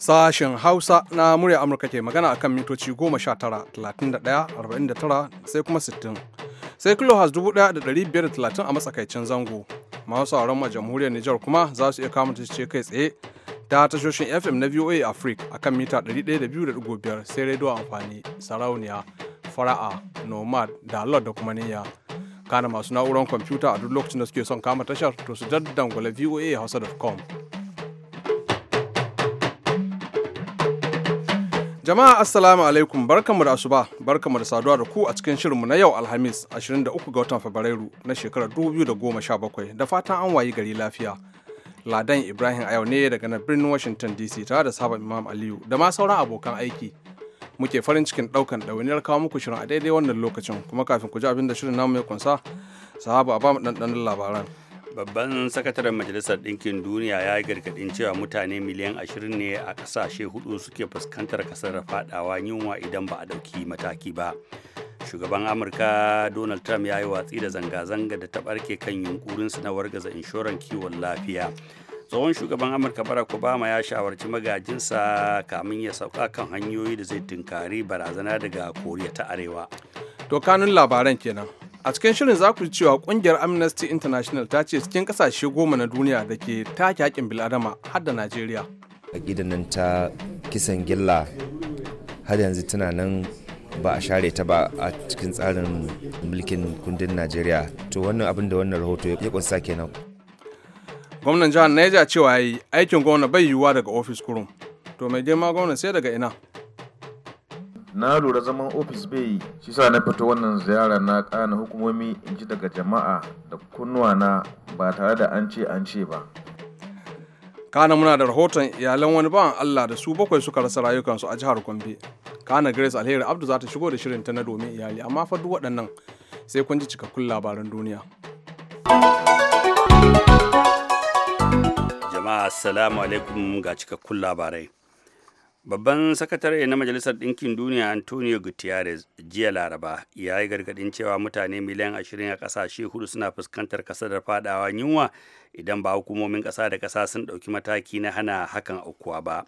Sashen Hausa na murya Amurka ke magana a kan mitoci 19,31,49 sai kuma 60. Sai kilohaz 1,530 a matsakaicin zango. Masu sauran ma jamhuriyar Nijar kuma za su iya kama ce kai tsaye ta tashoshin FM na VOA Africa a kan mita 102.5 sai rediyo amfani sarauniya fara'a nomad da lord da kuma niyya kana masu na'urar kwamfuta a duk lokacin da suke son kama tashar to su hausa voa hausa.com Jama'a Assalamu alaikum barkanmu da asuba barkanmu da saduwa da ku a cikin shirinmu na yau Alhamis 23 ga watan Fabrairu na shekarar 2017 da fatan an wayi gari lafiya. Ladan Ibrahim a yau ne daga na birnin Washington DC tare da sabon Imam Aliyu da ma sauran abokan aiki. Muke farin cikin ɗaukan ɗawainiyar kawo muku shirin a daidai wannan lokacin kuma kafin ku ji abin da shirin namu ya kunsa sahaba a ba mu ɗanɗanon labaran. babban sakataren majalisar ɗinkin duniya ya yi gargaɗin cewa mutane miliyan 20 ne a ƙasashe hudu suke fuskantar kasar faɗawa yunwa idan ba a ɗauki mataki ba shugaban amurka donald trump ya yi watsi da zanga-zanga da ta ɓarke kan yunkurinsu na wargaza inshoran kiwon lafiya tsohon shugaban amurka barack obama ya shawarci magajinsa kamin ya sauka kan hanyoyi da zai tunkari barazana daga koriya ta arewa to kanun labaran kenan a cikin shirin za ku cewa kungiyar amnesty international ta ce cikin kasashe goma na duniya da ke take haƙƙin bil'adama har da najeriya a gidanin ta kisan gilla har yanzu tana nan ba a share ta ba a cikin tsarin mulkin kundin najeriya to wannan abin da wannan rahoto ya kunsa kenan gwamnan jihar niger cewa yi aikin gwamna bai yiwuwa daga ofis kurum to mai girma gwamna sai daga ina na lura zaman ofis bai yi shi sa na fito wannan ziyara na kana hukumomi in ji daga jama'a da kunnuwa na ba tare da an ce an ce ba kana muna da rahoton iyalan wani ban allah da su bakwai suka rasa rayukansu a jihar gombe kana grace alheri abdu za ta shigo da shirin ta na domin iyali amma fa duk waɗannan sai kun ji cikakkun labaran duniya jama'a assalamu alaikum ga cikakkun labarai babban sakatare na majalisar ɗinkin duniya antonio gutierrez jiya laraba ya yi gargaɗin cewa mutane miliyan ashirin a ƙasashe hudu suna fuskantar kasadar fadawa yunwa idan ba hukumomin ƙasa da ƙasa sun ɗauki mataki na hana hakan aukuwa ba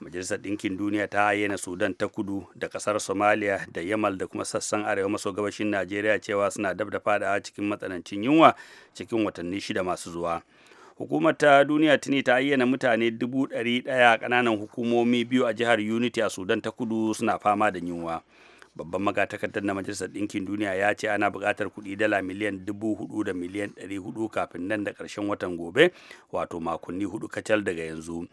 majalisar ɗinkin duniya ta ayyana sudan ta kudu da ƙasar somalia da yamal da kuma sassan arewa maso gabashin najeriya cewa suna dab da fadawa cikin matsanancin yunwa cikin watanni shida masu zuwa hukumar ta duniya tuni ta ayyana mutane dubu ɗari ɗaya ƙananan hukumomi biyu a jihar unity a sudan ta kudu suna fama da yunwa babban magatakardar na majalisar ɗinkin duniya ya ce ana buƙatar kuɗi dala miliyan dubu hudu da miliyan ɗari hudu kafin nan da ƙarshen watan gobe wato makonni hudu kacal daga yanzu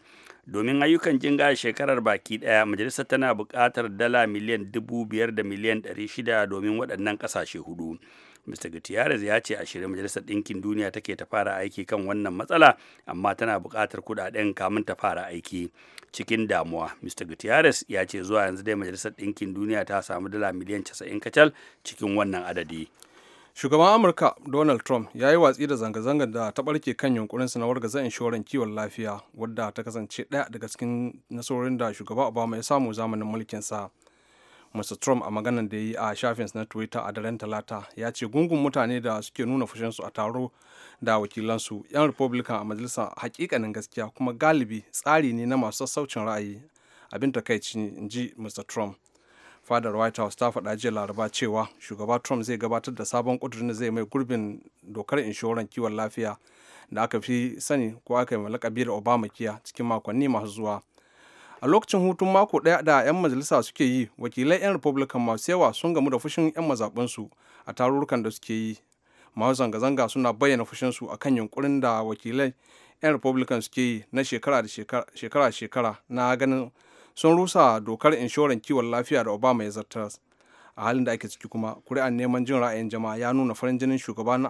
domin ayyukan jinga shekarar baki ɗaya majalisar tana buƙatar dala miliyan dubu biyar da miliyan ɗari shida domin waɗannan ƙasashe hudu mr gutierrez ya ce a shirye majalisar ɗinkin duniya take ta fara aiki kan wannan matsala amma tana buƙatar kuɗaɗen kamun ta fara aiki cikin damuwa mr gutierrez ya ce zuwa yanzu dai majalisar ɗinkin duniya ta samu dala miliyan 90 kacal cikin wannan adadi shugaban amurka donald trump ya yi watsi da zanga-zangar da ta barke kan yunkurin na wargaza inshoran kiwon lafiya wadda ta kasance ɗaya daga cikin nasarorin da shugaba obama ya samu zamanin mulkin mulkinsa mr trump a maganar da ya yi a shafinsa na twitter a daren talata ya ce gungun mutane da suke nuna fushinsu a taro da wakilansu 'yan republican a majalisa hakikanin gaskiya kuma galibi tsari ne na masu sassaucin ra'ayi abin takaici in ji mr trump fadar white house ta faɗa jiya laraba cewa shugaba trump zai gabatar da sabon ƙudurin da zai mai gurbin dokar inshoran kiwon lafiya da aka fi sani ko aka yi malakabi da obama kiya cikin makonni masu zuwa a lokacin hutun mako ɗaya da 'yan majalisa suke yi wakilai 'yan republican masu yawa sun gamu da fushin 'yan mazaɓinsu a tarurrukan da suke yi masu zanga-zanga suna bayyana fushinsu a kan yunkurin da wakilai 'yan republican suke yi na shekara da shekara-shekara na ganin sun rusa dokar inshoran kiwon lafiya da obama ya zartar a halin da ake ciki kuma kuri'an neman jin ra'ayin jama'a ya nuna farin jinin shugaban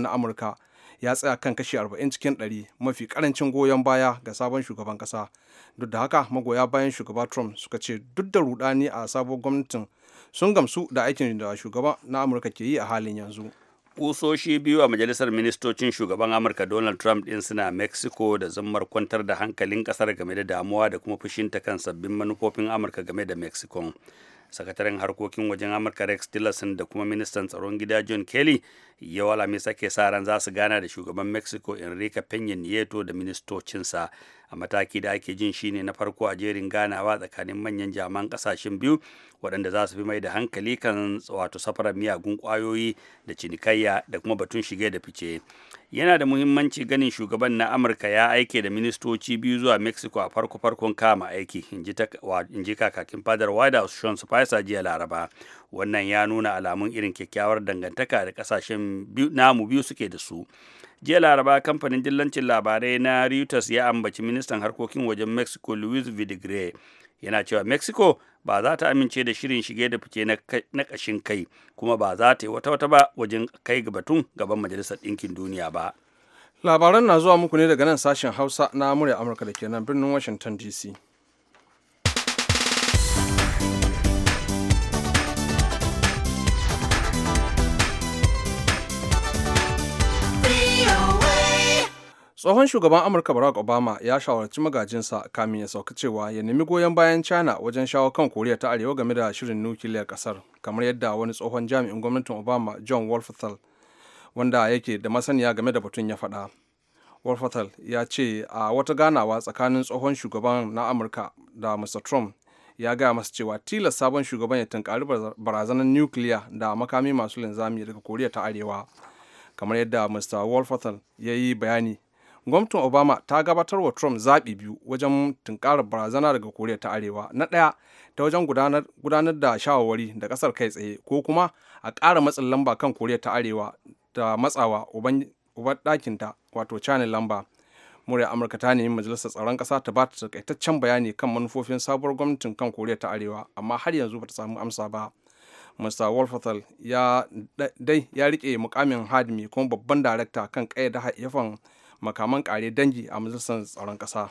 na amurka ya tsaya kan kashi 40 cikin 100 mafi karancin goyon baya ga sabon shugaban kasa duk da haka magoya bayan shugaba trump suka ce duk da rudani a sabon gwamnatin sun gamsu da aikin da shugaba na amurka ke yi a halin yanzu kusoshi biyu a majalisar ministocin shugaban amurka donald trump din suna mexico da zammar kwantar da hankalin kasar game da damuwa da kuma fushinta kan sabbin manufofin amurka game da mexico sakataren harkokin wajen amurka rex tillerson da kuma ministan tsaron gida john kelly yau alhamis ake sa ran za su gana da shugaban mexico enrique peña nieto da ministocinsa a mataki da ake jin shine na farko a jerin ganawa tsakanin manyan jaman kasashen biyu waɗanda za su fi mai da hankali kan wato safarar miyagun kwayoyi da cinikayya da kuma batun shige da fice yana da muhimmanci ganin shugaban na amurka ya aike da ministoci biyu zuwa mexico a farko farkon kama aiki in ji kakakin fadar white house sean spicer jiya laraba wannan ya nuna alamun irin kyakkyawar dangantaka da kasashen namu biyu suke da su jiya laraba kamfanin dillancin labarai na reuters ya ambaci ministan harkokin wajen mexico luis vidigre yana cewa mexico ba za ta amince da shirin shige da fice na kashin kai kuma ba za ta yi wata wata ba wajen kai batun gaban majalisar ɗinkin duniya ba labaran na zuwa muku ne daga nan sashen hausa na murya amurka da ke nan birnin washington dc tsohon shugaban amurka barack obama ya shawarci magajinsa kamin ya sauka cewa ya nemi goyon bayan china wajen shawo kan koriya ta arewa game da shirin nukiliyar kasar kamar yadda wani tsohon jami'in gwamnatin obama john wolfethal wanda yake da masaniya game da batun ya faɗa wolfethal ya ce a wata ganawa tsakanin tsohon shugaban na amurka da mr trump ya gaya masa cewa tilas sabon shugaban ya tunkari barazanar nukiliya da makami masu linzami daga koriya ta arewa kamar yadda mr wolfethal ya yi bayani gwamnatin obama ta gabatar wa trump zaɓi biyu wajen tunkarar barazana daga koriya ta arewa na ɗaya ta wajen gudanar da shawarwari da ƙasar kai tsaye ko kuma a ƙara matsin lamba kan koriya ta arewa da matsawa uban ɗakinta wato china lamba murya amurka ta nemi majalisar tsaron ƙasa ta ba ta takaitaccen bayani kan manufofin sabuwar gwamnatin kan koriya ta arewa amma har yanzu ba ta samu amsa ba Mr. Wolfathal ya dai ya rike mukamin hadmi kuma babban darakta kan kayyada haifan makaman kare dangi a majalisar tsaron kasa.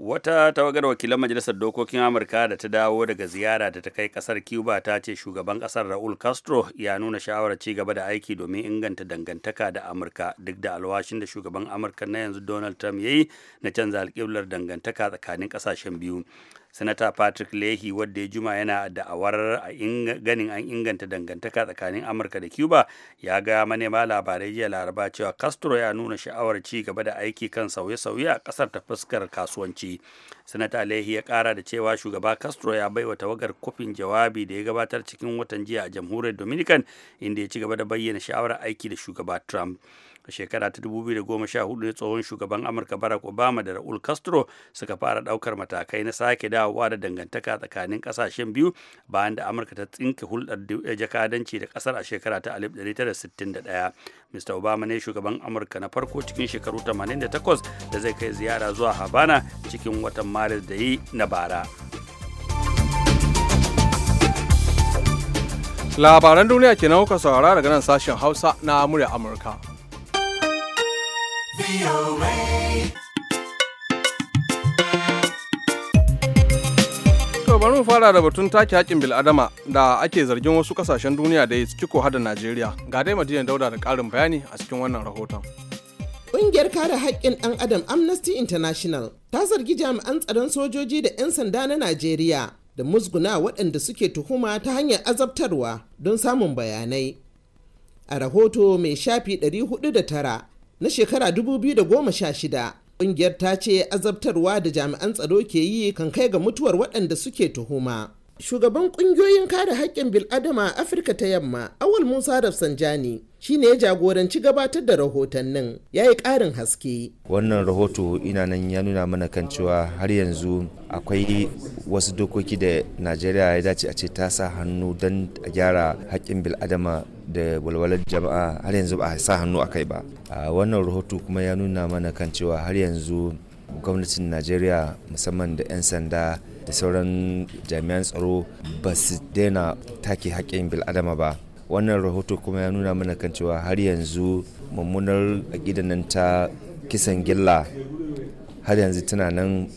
wata tawagar wakilan majalisar dokokin amurka da ta dawo daga ziyara da ta kai kasar cuba ta ce shugaban kasar raul castro ya nuna shawarar ci gaba da aiki domin inganta dangantaka da amurka duk da alwashin da shugaban amurka na yanzu donald trump ya yi na canza alƙiblar dangantaka tsakanin ƙasashen biyu sanata patrick leahy wadda ya juma yana da'awar a ganin an inganta dangantaka tsakanin amurka da cuba ya ga manema labarai jiya laraba cewa castro ya nuna sha'awar ci gaba da aiki kan sauye-sauye a kasar ta fuskar kasuwanci sanata leahy ya kara da cewa shugaba castro ya baiwa tawagar kofin jawabi da ya gabatar cikin watan jiya a jamhuriyar dominican inda ya ci gaba da bayyana sha'awar aiki da shugaba trump a shekara ta 2014 ne tsohon shugaban amurka barack obama da raul castro suka fara daukar matakai na sake dawowa da dangantaka tsakanin kasashen biyu bayan da amurka ta tsinke hulɗar eh, jakadanci da kasar a shekara ta 1961 mr obama ne shugaban amurka na farko cikin shekaru 88 da zai kai ziyara zuwa habana cikin watan maris da yi na bara labaran duniya ke nan kuka saurara daga nan sashen hausa na murya amurka To bari mu fara da batun take haƙƙin bil'adama da ake zargin wasu ƙasashen duniya da ko hada Najeriya. Ga dai Madina Dauda da karin bayani a cikin wannan rahoton. Ƙungiyar kare haƙƙin ɗan adam Amnesty International ta zargi jami'an tsaron sojoji da 'yan sanda na Najeriya da musguna waɗanda suke tuhuma ta hanyar azabtarwa don samun bayanai. A rahoto mai shafi 409 na shekara 2016 ƙungiyar ta ce azabtarwa da jami'an tsaro ke yi kan kai ga mutuwar waɗanda suke tuhuma. shugaban kungiyoyin kare haƙƙin bil'adama a afirka ta yamma awal musa rafsanjani ne ya jagoranci gabatar da rahotannin ya yi ƙarin haske wannan rahoto ina nan ya nuna mana kan cewa har yanzu akwai wasu dokoki da najeriya ya dace a ce ta sa hannu don a gyara haƙƙin bil'adama da walwalar jama'a har yanzu ba a sa hannu a kai ba wannan rahoto kuma ya nuna mana kan cewa har yanzu gwamnatin najeriya musamman da 'yan sanda da sauran jami'an tsaro ba su daina take haƙƙin bil'adama ba wannan rahoto kuma ya nuna mana kan cewa har yanzu mummunar aƙidan nan ta kisan gilla har yanzu tana nan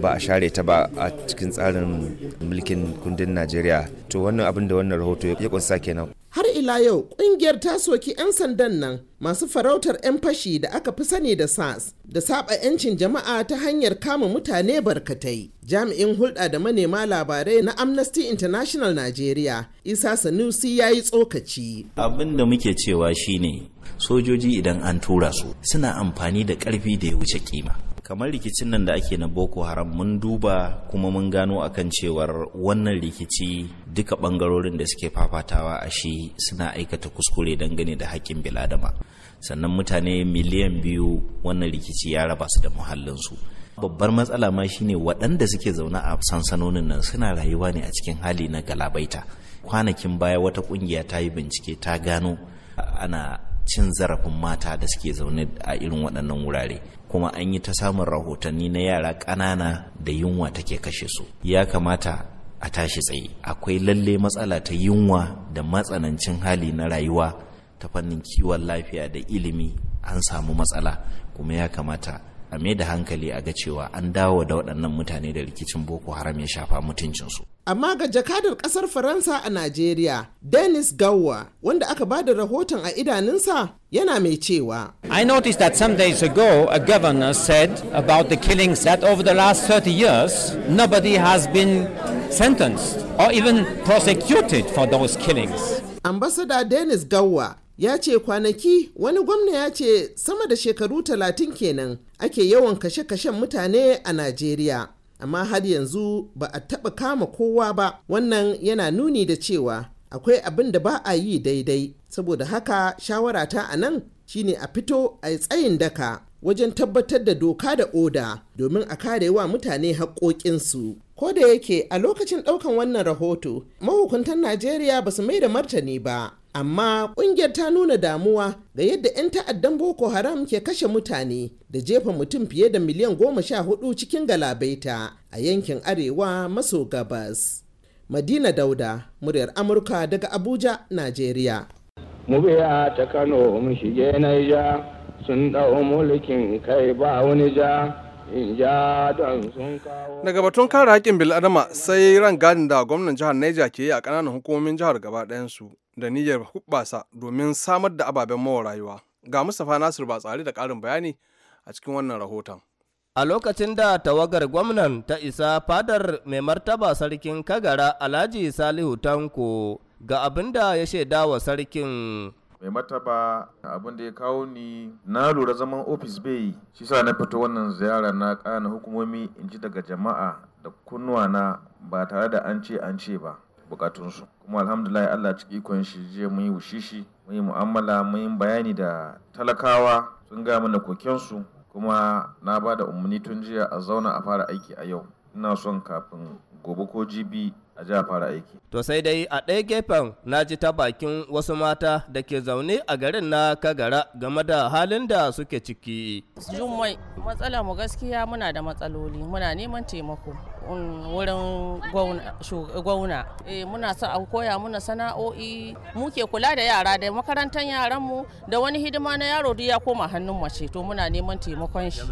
ba a share ta ba a cikin tsarin mulkin kundin najeriya to wannan abin da wannan rahoto ya kunsa kenan ila yau kungiyar ta soki 'yan sandan nan masu farautar 'yan fashi da aka fi sani da sas da saba 'yancin jama'a ta hanyar kama mutane barkatai jami'in hulɗa da manema labarai na amnesty international nigeria isa sanusi ya yi tsokaci abin da muke cewa shine sojoji idan an tura su suna amfani da ƙarfi da ya wuce kima kamar rikicin nan da ake na boko haram mun duba kuma mun gano akan cewar wannan rikici duka bangarorin da suke fafatawa a shi suna aikata kuskure dangane da haƙƙin biladama sannan mutane miliyan biyu wannan rikici ya raba su da muhallinsu babbar matsala ma shine waɗanda suke zaune a sansanonin nan suna rayuwa ne a cikin hali na galabaita kwanakin baya wata ƙungiya ta yi bincike ta gano ana cin zarafin mata da suke zaune a irin waɗannan wurare kuma an yi ta samun rahotanni na yara ƙanana da yunwa take kashe su ya kamata a tashi tsaye akwai lalle matsala ta yunwa da matsanancin hali na rayuwa ta fannin kiwon lafiya da ilimi an samu matsala kuma ya kamata a mai da hankali a ga cewa an dawo da waɗannan mutane da rikicin boko haram ya shafa mutuncinsu. amma ga jakadar ƙasar faransa a najeriya dennis gawa wanda aka ba da rahoton a idanunsa yana mai cewa i noticed that some days ago a governor said about the killings that over the last 30 years nobody has been sentenced or even prosecuted for those killings ambassador dennis gawa ya ce kwanaki wani gwamna ya ce sama da shekaru talatin kenan ake yawan kashe-kashen mutane a najeriya amma har yanzu ba a taɓa kama kowa ba wannan yana nuni da cewa akwai abin da ba a yi daidai saboda haka shawara ta a nan shine a fito a tsayin daka wajen tabbatar da doka da oda domin a kare wa mutane haƙoƙinsu ko da yake a lokacin ɗaukan wannan rahoto mahukuntan najeriya ba su mai da martani ba amma ƙungiyar ta nuna damuwa ga yadda 'yan ta'addan boko haram ke kashe mutane da jefa mutum fiye da miliyan goma sha hudu cikin galabaita a yankin arewa maso gabas madina dauda muryar amurka daga abuja nigeria mubiya ta kano mu shige naija sun dau mulkin kai ba wani ja daga batun kare haƙƙin bil'adama sai ran gadin da gwamnan jihar Niger ke yi a ƙananan hukumomin jihar gaba ɗayansu da niyyar hubbasa domin samar da ababen mawa rayuwa ga mustapha nasir ba tsari da ƙarin bayani a cikin wannan rahoton A lokacin da tawagar gwamnan ta isa fadar mai martaba sarkin Kagara Alhaji Salihu Tanko ga abin da ya shaida wa sarkin mai mataba abin da ya kawo ni na lura zaman ofis bai yi shi sa na fito wannan ziyara na kana hukumomi in ji daga jama'a da kunnuwa na ba tare da an ce an ce ba bukatunsu kuma alhamdulillah Allah ciki ikon shi je mun yi wushishi mun yi mu'amala mun yi bayani da talakawa sun ga mana kokensu kuma na bada da umarni tun jiya a zauna a fara aiki a yau ina son kafin gobe ko jibi a ji fara aiki. To sai dai a ɗaya gefen na ji ta bakin wasu mata da ke zaune a garin na Kagara game da halin da suke ciki. Jummai matsala mu gaskiya muna da matsaloli muna neman taimako mm, wurin gwauna. Eh, muna sa a koya muna sana'o'i muke kula da yara da makarantar yaran mu da wani hidima na yaro duk ya koma hannun mace to muna neman taimakon shi.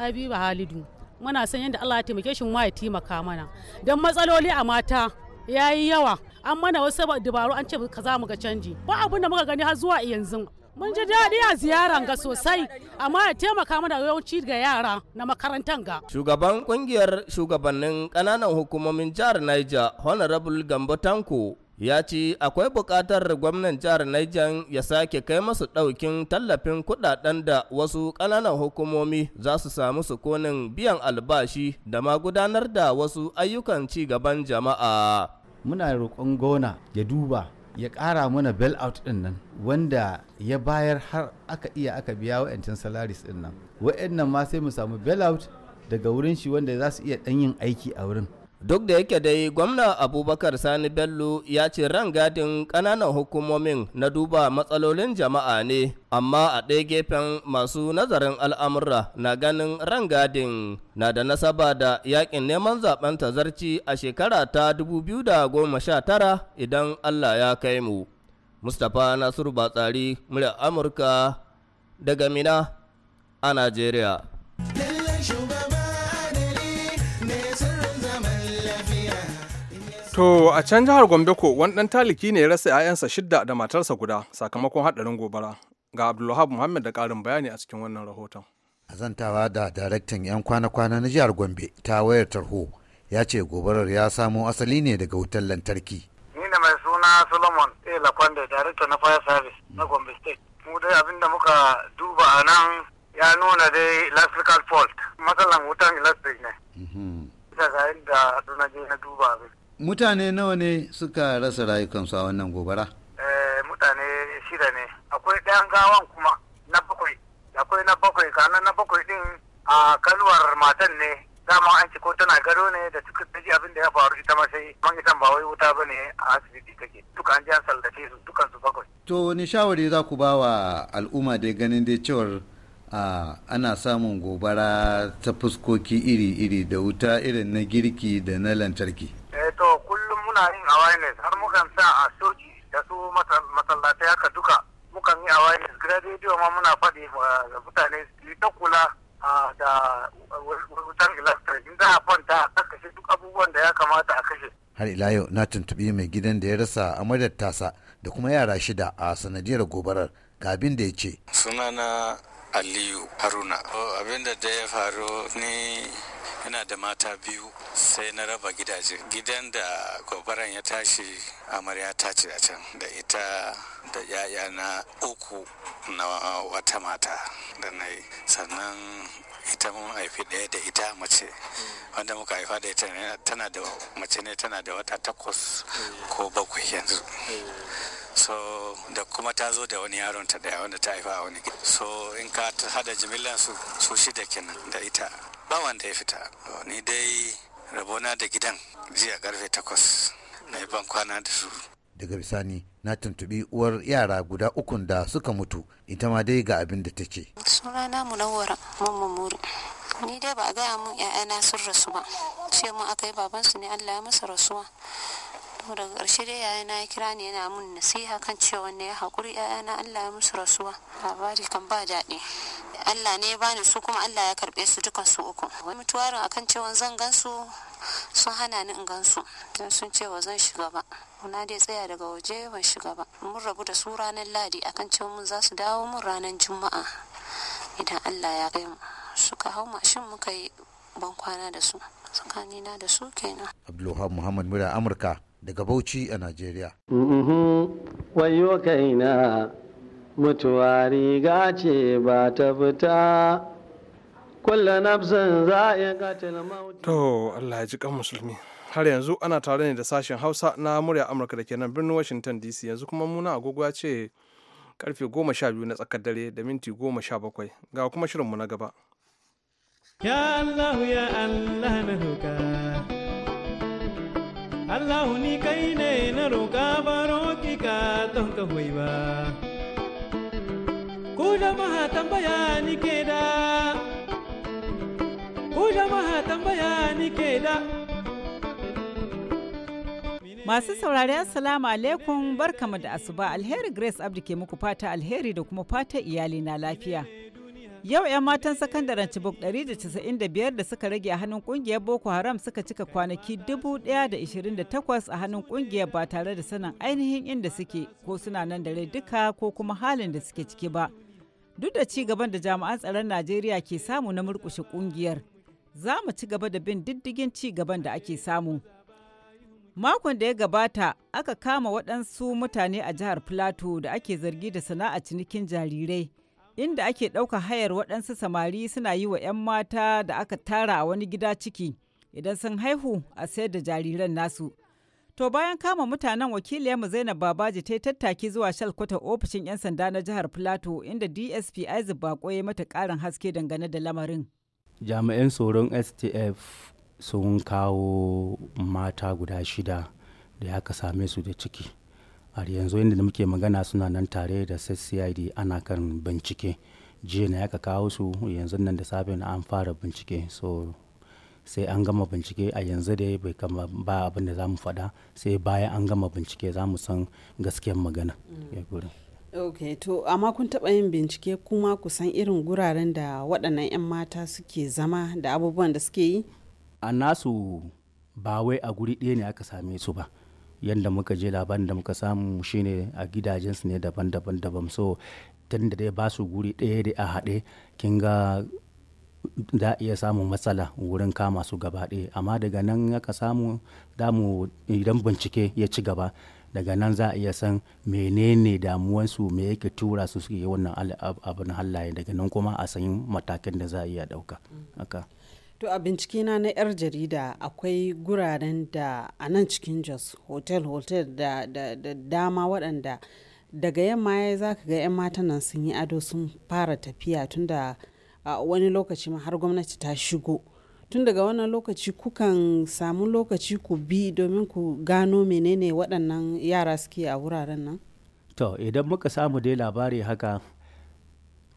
Habiba Halidu muna san yadda Allah ya taimake shi ya taimaka mana don matsaloli a mata ya yi yawa an mana wasu dabaru an ce ka za mu ga canji ba abin da muka gani har zuwa yanzu mun ji daɗi a ziyaran ga sosai amma ya taimaka mana yawanci ga yara na makarantar ga shugaban kungiyar shugabannin ƙananan hukumomin jihar niger honorable gambo tanko ya ce akwai buƙatar gwamnan jihar Niger ya sake kai masu ɗaukin tallafin kuɗaɗen da wasu ƙananan hukumomi za su samu sukunin biyan albashi da ma gudanar da wasu ayyukan ci gaban jama'a. Muna roƙon gona ya duba ya ƙara mana bell out ɗin nan wanda ya bayar har aka iya aka biya wa'yancin salaris ɗin nan. Wa'yan ma sai mu samu bell out daga wurin shi wanda za su iya ɗan yin aiki a wurin. duk da yake dai gwamna abubakar sani bello ya ce rangadin ƙananan hukumomin na duba matsalolin jama'a ne amma a ɗaya gefen masu nazarin al'amura na ganin rangadin na da nasaba da yakin neman zaben tazarci a shekara ta 2019 idan allah ya kai mu mustapha nasiru batsari murya amurka daga mina a najeriya To a can jihar Gombe ko wani ɗan taliki ne ya rasa 'ya'yansa shidda da matarsa guda sakamakon haɗarin gobara. Ga Abdulwahab Muhammad da ƙarin bayani a cikin wannan rahoton. A zantawa da daraktan 'yan kwana-kwana na jihar Gombe ta wayar tarho ya ce gobarar ya samo asali ne daga wutar lantarki. Ni ne mai suna Solomon A. Lakwande, daraktan na Fire Service na Gombe State. Mu dai abin da muka duba a nan ya nuna dai electrical fault matsalan wutan electric ne. Daga mhm. inda na je na duba abin. mutane nawa ne suka rasa rayukansu a wannan gobara eh, mutane shida ne akwai ɗayan gawan kuma na bakwai akwai na bakwai kana na bakwai din a kalwar matan ne dama an ko tana gado ne da suka ji abin da ya faru ita ma sai man itan ba wai wuta bane a asibiti kake duka an ji an sallace su dukan su bakwai to wani shawari za ku ba wa al'umma da ganin dai cewar ana samun gobara ta fuskoki iri-iri da wuta irin na girki da na lantarki. muna yin awareness har mukan sa a soji da su masallatai haka duka mukan yi awareness gidan rediyo ma muna faɗi ga mutane su ta kula da wutan electric inda fanta a kwanta a kashe duk abubuwan da ya kamata a kashe. har ila yau na tuntuɓi mai gidan da ya rasa amadar tasa da kuma yara shida a sanadiyar gobarar ga abin da ya ce. sunana aliyu haruna oh, abin da ya faru ni yana da mata biyu sai na raba gidaje gidan da gobaran ya tashi amarya ta ci a can da ita da yaya na uku na wata mata da na yi sannan ita mun haifi ɗaya da ita mace wanda muka haifa da ita tana da mace ne tana da wata takwas ko bakwai yanzu so da kuma ta zo da wani yaron ta daya wanda ta haifa wani so in ka hada jimillan su su shida kenan da ita ba wanda ya fita ni dai rabona da gidan jiya karfe takwas na yi ban da su daga bisani na tuntubi uwar yara guda ukun da suka mutu ita ma dai ga abin da ta ce sunana munawwara mamma muri ni dai ba a gaya mun ya'yana sun rasu ba ce mun aka yi babansu ne allah ya masa rasuwa daga ƙarshe dai yayana ya kira ni yana mun nasiha kan cewa ne ya haƙuri ya'yana allah ya musu rasuwa labari kan ba daɗi Allah ne ya bani su kuma Allah ya karbe su dukan su uku wani mutuwarin akan cewa zan gansu sun hana ni in gansu don sun cewa zan shiga ba na dai tsaya daga waje ban shiga ba mun rabu da su ranar ladi akan cewa mun za su dawo mun ranar juma'a idan Allah ya kai mu suka hau mashin muka yi ban kwana da su tsakanina da su kenan Abdullahi Muhammad Mura Amurka daga Bauchi a Najeriya mm-hmm. wayo kaina mutuwa riga ce ba ta fita kulla nafsin za a katil to Allah ji kan musulmi har yanzu ana tare ne da sashen hausa na murya amurka da ke nan birnin washington dc yanzu kuma muna agogo ce karfe goma sha biyu na tsakar dare da minti goma sha bakwai ga kuma shirinmu na gaba ya allahu ya allah na roka allahu ni kai ne na roka baro ki ka don ka ba jama'a tambaya ni ke da tambaya ni Masu saurari Assalamu alaikum barkamu da asuba alheri Grace Abdi ke muku fata alheri da kuma fata iyali na lafiya. Yau 'yan matan sakandaren cibok 195 da suka rage a hannun kungiyar Boko Haram suka cika kwanaki 1,028 a hannun kungiyar ba tare da sanin ainihin inda suke ko suna nan da rai duka ko kuma halin da suke ciki ba. Duk da ci gaban da jami'an tsaron Najeriya ke samu na murkushe ƙungiyar za mu ci gaba da bin diddigin ci gaban da ake samu. Makon da ya gabata aka kama waɗansu mutane a jihar Filato da ake zargi da sana'a cinikin jarirai, inda ake ɗauka hayar waɗansu samari suna yi wa 'yan mata da aka tara a wani gida ciki idan sun haihu a sayar da jariran nasu. To bayan kama mutanen wakiliyarmu Zainab Babaji ta yi tattaki zuwa shalkwata ofishin 'yan sanda na jihar Plateau inda DSP Isaac Bako ya mata karin haske dangane da lamarin. Jami'an tsoron STF sun kawo mata guda shida da aka same su da ciki. A yanzu inda da muke magana suna nan tare da CID ana kan bincike. Jiya na aka kawo su yanzu nan da safe na an fara bincike. So sai an gama bincike a yanzu dai bai kama ba abin da za mu faɗa sai bayan an gama bincike za mu san gaskiyar magana mm. ok to amma kun taɓa yin bincike kuma ku san irin guraren da waɗannan 'yan mata suke zama da abubuwan da suke yi a nasu ba wai a guri ɗaya ne aka same su ba yadda muka je labarin da muka samu shine a gidajensu ne daban-daban daban so tun da dai ba su guri ɗaya da a haɗe kin ga da iya samun matsala wurin kama su gaba ɗaya amma daga nan aka samu damu idan bincike ya ci gaba daga nan za a iya san menene damuwansu me yake tura su suke wannan abin halaye daga nan kuma a sanyin matakin da za a iya ɗauka. To a bincikena na 'yar jarida akwai guraren da a nan cikin Jos hotel-hotel da, dama waɗanda daga yamma ya za ka ga 'yan matan nan sun yi ado sun fara tafiya tunda a wani lokaci ma har gwamnati ta shigo tun daga wannan lokaci kukan samu lokaci ku bi domin ku gano menene waɗannan yara suke a wuraren nan to idan muka samu dai labari haka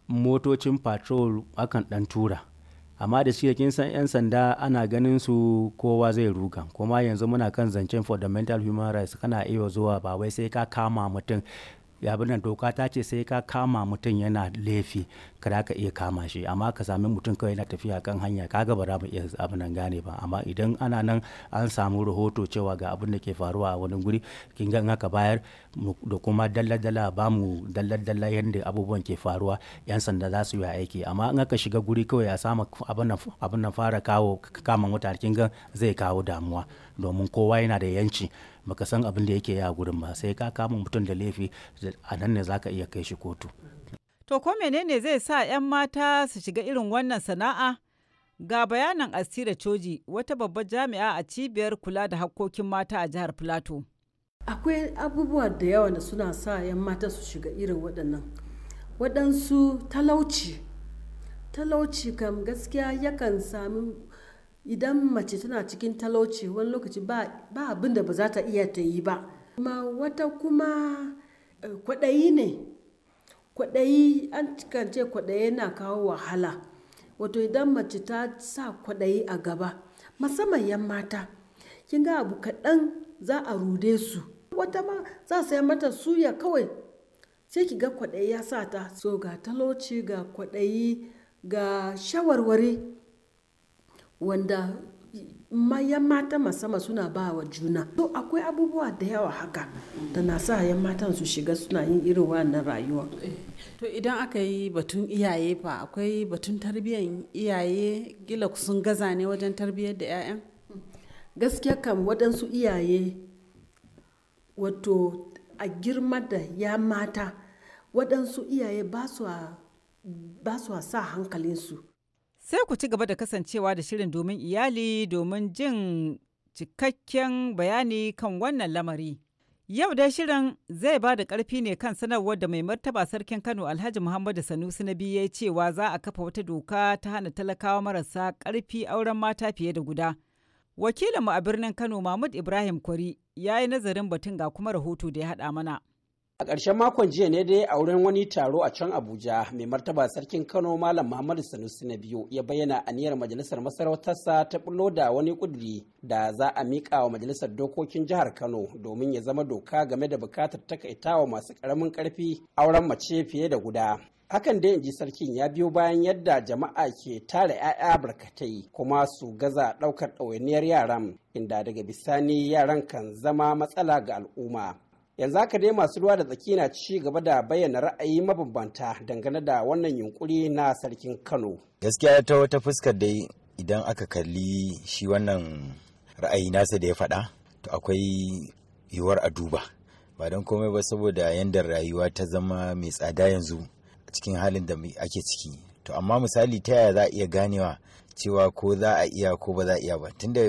motocin patrol akan ɗan tura amma da shi kin san 'yan sanda ana ganin su kowa zai ruga kuma yanzu muna kan zancen fundamental human rights kana iya zuwa ba wai sai ka kama mutum ya nan doka ta ce sai ka kama mutum yana laifi kada ka iya kama shi amma ka sami mutum kawai yana tafiya kan hanya kaga ba za mu iya abin nan gane ba amma idan ana nan an samu rahoto cewa ga abin da ke faruwa a wani guri kin ga haka bayar da kuma dalla-dalla ba mu dalla-dalla yadda abubuwan ke faruwa yan sanda za su yi aiki amma in aka shiga guri kawai a samu abin nan fara kawo kama mutane kin ga zai kawo damuwa domin kowa yana da yanci baka san abin da yake ya gurin ba sai ka kama mutum da laifi a nan ne za ka iya kai shi kotu to ko menene zai sa 'yan mata su shiga irin wannan sana'a ga bayanan asira coji wata babbar jami'a a cibiyar kula da hakkokin mata a jihar plateau akwai abubuwa da yawa da suna sa 'yan mata su shiga irin waɗannan waɗansu talauci talauci kam gaskiya yakan sami idan mace tana cikin talauci wani lokaci ba abin da ba za ta iya ta yi ba kuma wata kuma eh, kwaɗayi ne kwaɗayi an kan ce kwaɗayi yana kawo wahala wato idan mace ta sa kwaɗayi a gaba musamman yan mata kin ga abu kaɗan za a rude su wata ma za su mata suya kawai sai ki ga kwaɗayi ya sa ta so ga talauci ga kwaɗayi ga shawarwari wanda yan mata masama suna ba wa juna to akwai abubuwa da yawa haka da na sa yan matan su shiga suna yin irin wannan rayuwa to idan aka yi batun iyaye fa akwai batun tarbiyyar iyaye gila sun gaza ne wajen tarbiyyar da 'ya'yan gaskiya kam waɗansu iyaye wato a girma da ya mata waɗansu iyaye ba su a sa hankalinsu Sai ku ci gaba da kasancewa da shirin domin iyali domin jin cikakken bayani kan wannan lamari. Yau dai shirin zai ba da ƙarfi ne kan sanarwar da mai martaba sarkin Kano Alhaji Muhammadu Sanusi na biyu ya cewa za a kafa wata doka ta hana talakawa marasa ƙarfi auren mata fiye da guda. Wakilinmu a birnin Kano Mahmud Ibrahim Kwari ya yi nazarin batun ga kuma rahoto da ya haɗa mana. A ƙarshen makon jiya ne dai a wurin wani taro a can Abuja mai martaba sarkin Kano Malam Muhammadu Sanusi na biyu ya bayyana aniyar majalisar masarautarsa ta bullo da wani ƙuduri da za a miƙa wa majalisar dokokin jihar Kano domin ya zama doka game da bukatar takaitawa masu ƙaramin ƙarfi auren mace fiye da guda. hakan da ji sarkin ya biyo bayan yadda jama'a ke tara 'ya'ya barkatai kuma su gaza ɗaukar ɗawainiyar yaran inda daga bisani yaran kan zama matsala ga al'umma yanzu haka dai masu ruwa da tsaki na ci gaba da bayyana ra'ayi mabambanta dangane da wannan yunkuri na sarkin kano gaskiya ta wata fuskar dai idan aka kalli shi wannan ra'ayi nasa da ya faɗa to akwai yiwuwar a duba ba don komai ba saboda yadda rayuwa ta zama mai tsada yanzu a cikin halin da ake ciki to amma misali ta yaya za a iya ganewa cewa ko za a iya ko ba za a iya ba tunda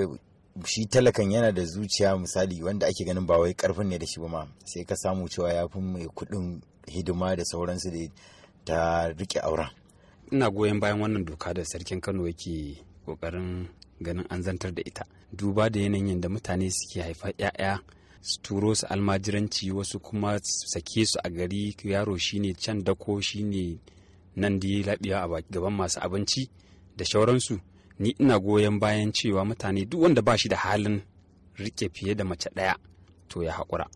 shi talakan yana da zuciya misali wanda ake ganin ba wai karfin ne da shi ba ma sai ka samu cewa ya fi mai kuɗin hidima da sauransu da ta rike auren ina goyon bayan wannan doka da sarkin kano yake kokarin ganin an zantar da ita duba da yanayin da mutane suke haifa 'ya'ya su turo su almajiranci wasu kuma sake su a gari yaro shine can dako shine nan da ya labiya a gaban masu abinci da shauransu ni ina goyon bayan cewa mutane duk wanda ba shi da halin rike fiye da mace ɗaya to ya haƙura.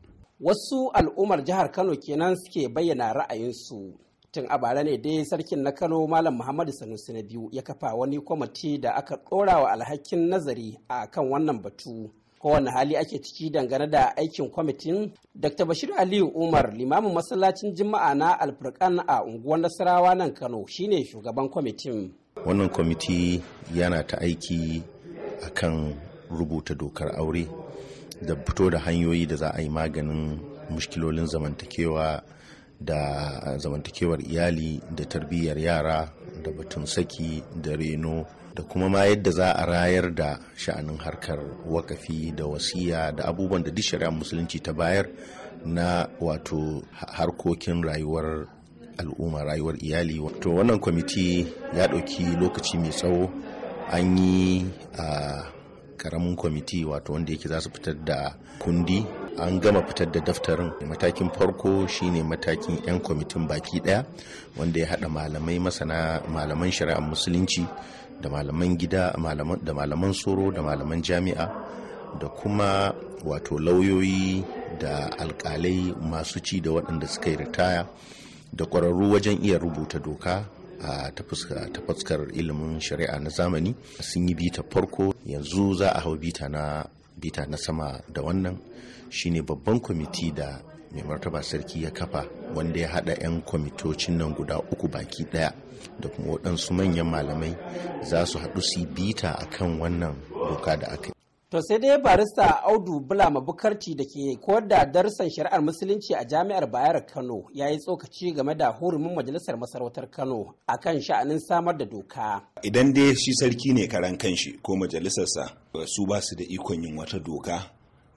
Wasu al'ummar jihar Kano kenan suke bayyana ra'ayinsu. Tun a bara ne dai sarkin na Kano Malam Muhammadu Sanusi na biyu ya kafa wani kwamiti da aka ɗora wa alhakin nazari a kan wannan batu. Kowane hali ake ciki dangane da aikin kwamitin? Dr. Bashir Aliyu Umar limamin masallacin jima'a na Alfurkan a unguwar Nasarawa nan Kano shine shugaban kwamitin. wannan kwamiti yana ta aiki akan rubuta dokar aure da fito da hanyoyi da za a yi maganin mushkilolin zamantakewa da zamantakewar iyali da tarbiyyar yara da batun saki da reno da kuma ma yadda za a rayar da sha'anin harkar wakafi da wasiya da abubuwan da duk shari'ar musulunci ta bayar na wato harkokin rayuwar al'umma rayuwar iyali to wannan kwamiti ya ɗauki lokaci mai tsawo an yi a karamin kwamiti wato wanda yake za su fitar da kundi an gama fitar da daftarin matakin farko shine matakin 'yan kwamitin baki daya wanda ya hada malamai masana malaman shari'ar musulunci da malaman gida da malaman tsoro da malaman jami'a da kuma wato lauyoyi da alkalai masu ci da waɗanda suka yi ritaya da kwararru wajen iya rubuta doka a ta fuskar ilimin shari'a na zamani sun yi bita farko yanzu za a hau bita na bita na sama da wannan shine babban kwamiti da mai martaba sarki ya kafa wanda ya hada 'yan kwamitocin nan guda uku baki daya da kuma waɗansu manyan malamai za su haɗu su bita akan wannan doka da aka To sai dai barista Audu Bulama Bukarci da ke koyar da darussan shari'ar musulunci a jami'ar Bayar Kano ya yi tsokaci game da hurumin majalisar masarautar Kano a kan sha'anin samar da doka. Idan dai shi sarki ne karan kanshi ko majalisarsa su ba su da ikon yin wata doka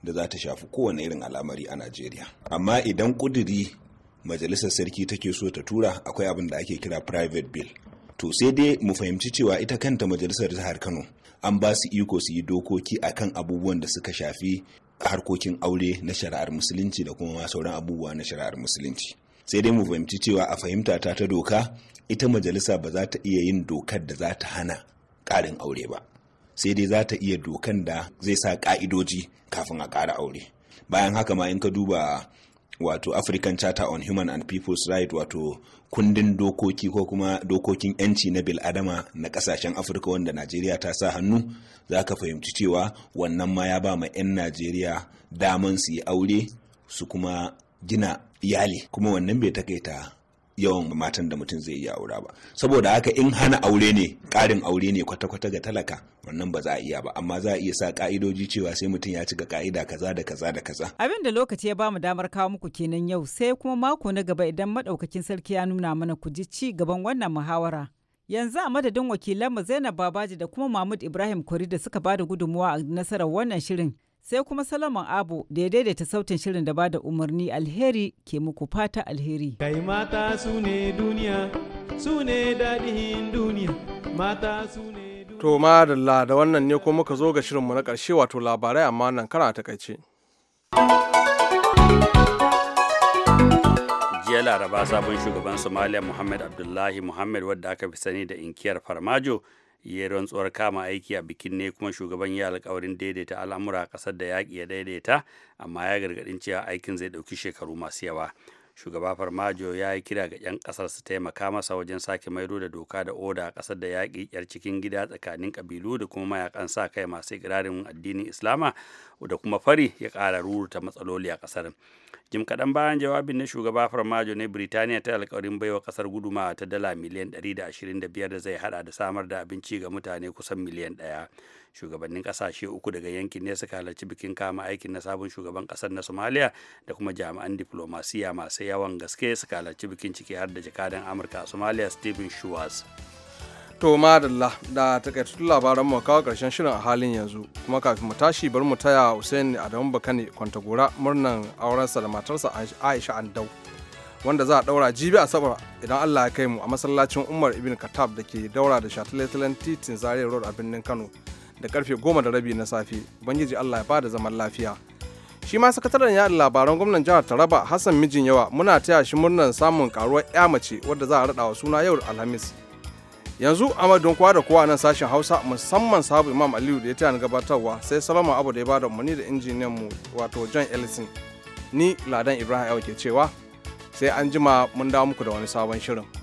da za ta shafi kowane irin al'amari a Najeriya. Amma idan kuduri majalisar sarki take so ta tura akwai abin da ake kira private bill. To sai dai mu fahimci cewa ita kanta majalisar jihar Kano an ba su iko su yi dokoki akan abubuwan da suka shafi harkokin aure na shari'ar musulunci da kuma sauran abubuwa na shari'ar musulunci sai dai mu fahimci cewa a fahimta ta ta doka ita majalisa ba za ta iya yin dokar da za ta hana ƙarin aure ba sai dai za ta iya dokan da zai sa ƙa'idoji kafin a ƙara aure bayan haka ma in ka duba wato african charter on human and people's right wato kundin dokoki ko kuma dokokin yanci na biladama na kasashen afirka wanda najeriya ta sa hannu za ka fahimci cewa wannan ma ya ba ma 'yan najeriya daman su yi aure su kuma gina iyali kuma wannan bai takaita yawan matan da mutum zai iya aura ba saboda haka in hana aure ne karin aure ne kwata-kwata ga talaka wannan ba za a iya ba amma za a iya sa ka'idoji cewa sai mutum ya cika ka'ida kaza da kaza da kaza abin da lokaci ya bamu damar kawo muku kenan yau sai kuma mako na gaba idan madaukakin sarki ya nuna mana ku ji ci gaban wannan muhawara yanzu a madadin wakilanmu zainab babaji da kuma mahmud ibrahim kori da suka bada gudunmuwa a nasarar wannan shirin sai kuma salaman Abu da ya daidaita sautin shirin da ba da umarni alheri ke muku fata alheri. Kai mata su ne duniya, su ne daɗin duniya, mata su ne duniya. To madalla da wannan ne ko muka zo ga shirinmu na ƙarshe wato labarai amma nan kara takaice. jiya laraba sabon shugaban somalia muhammad abdullahi muhammad wadda aka fi sani da inkiyar farmajo ya rantsuwar kama aiki a bikin ne kuma shugaban ya alkawarin daidaita al'amura a ƙasar da yaƙi ya daidaita amma ya gargaɗin cewa aikin zai ɗauki shekaru masu yawa shugaba farmajo ya yi kira ga 'yan kasar su taimaka masa wajen sake maido da doka da oda a kasar da yaƙi yar cikin gida tsakanin kabilu da kuma mayakan sa kai masu ikirarin addinin islama da kuma fari ya ƙara ruruta matsaloli a kasar jim kaɗan bayan jawabin na shugaba farmajo ne birtaniya ta alkawarin baiwa kasar guduma ta dala miliyan 125 da zai hada da samar da abinci ga mutane kusan miliyan ɗaya. shugabannin kasashe uku daga yankin ne suka halarci bikin kama aikin na sabon shugaban kasar na somalia da kuma jami'an diplomasiya masu yawan gaske suka halarci bikin ciki har da jakadan amurka a somalia stephen schwartz to madalla da takaitattun labaran mu kawo karshen shirin a halin yanzu kuma kafin mu tashi bari mu taya Hussein Adamu Bakane Kwantagora murnan aurensa da matarsa Aisha Andau wanda za a daura jibi a sabar idan Allah ya kai mu a masallacin Umar Ibn Khattab da ke daura da Shataletalen titin Zaria Road a birnin Kano da karfe goma da rabi na safe bangiji allah ya bada zaman lafiya shi ma sakataren yaɗa labaran gwamnan jihar taraba hassan mijin yawa muna taya shi murnar samun karuwar ya mace wadda za a raɗa wa suna yau alhamis yanzu don kowa da kowa nan sashen hausa musamman sabu imam aliyu da ya taya gabatarwa sai salama abu da ya bada umarni da injiniyan mu wato john ellison ni ladan ibrahim ke cewa sai an jima mun dawo muku da wani sabon shirin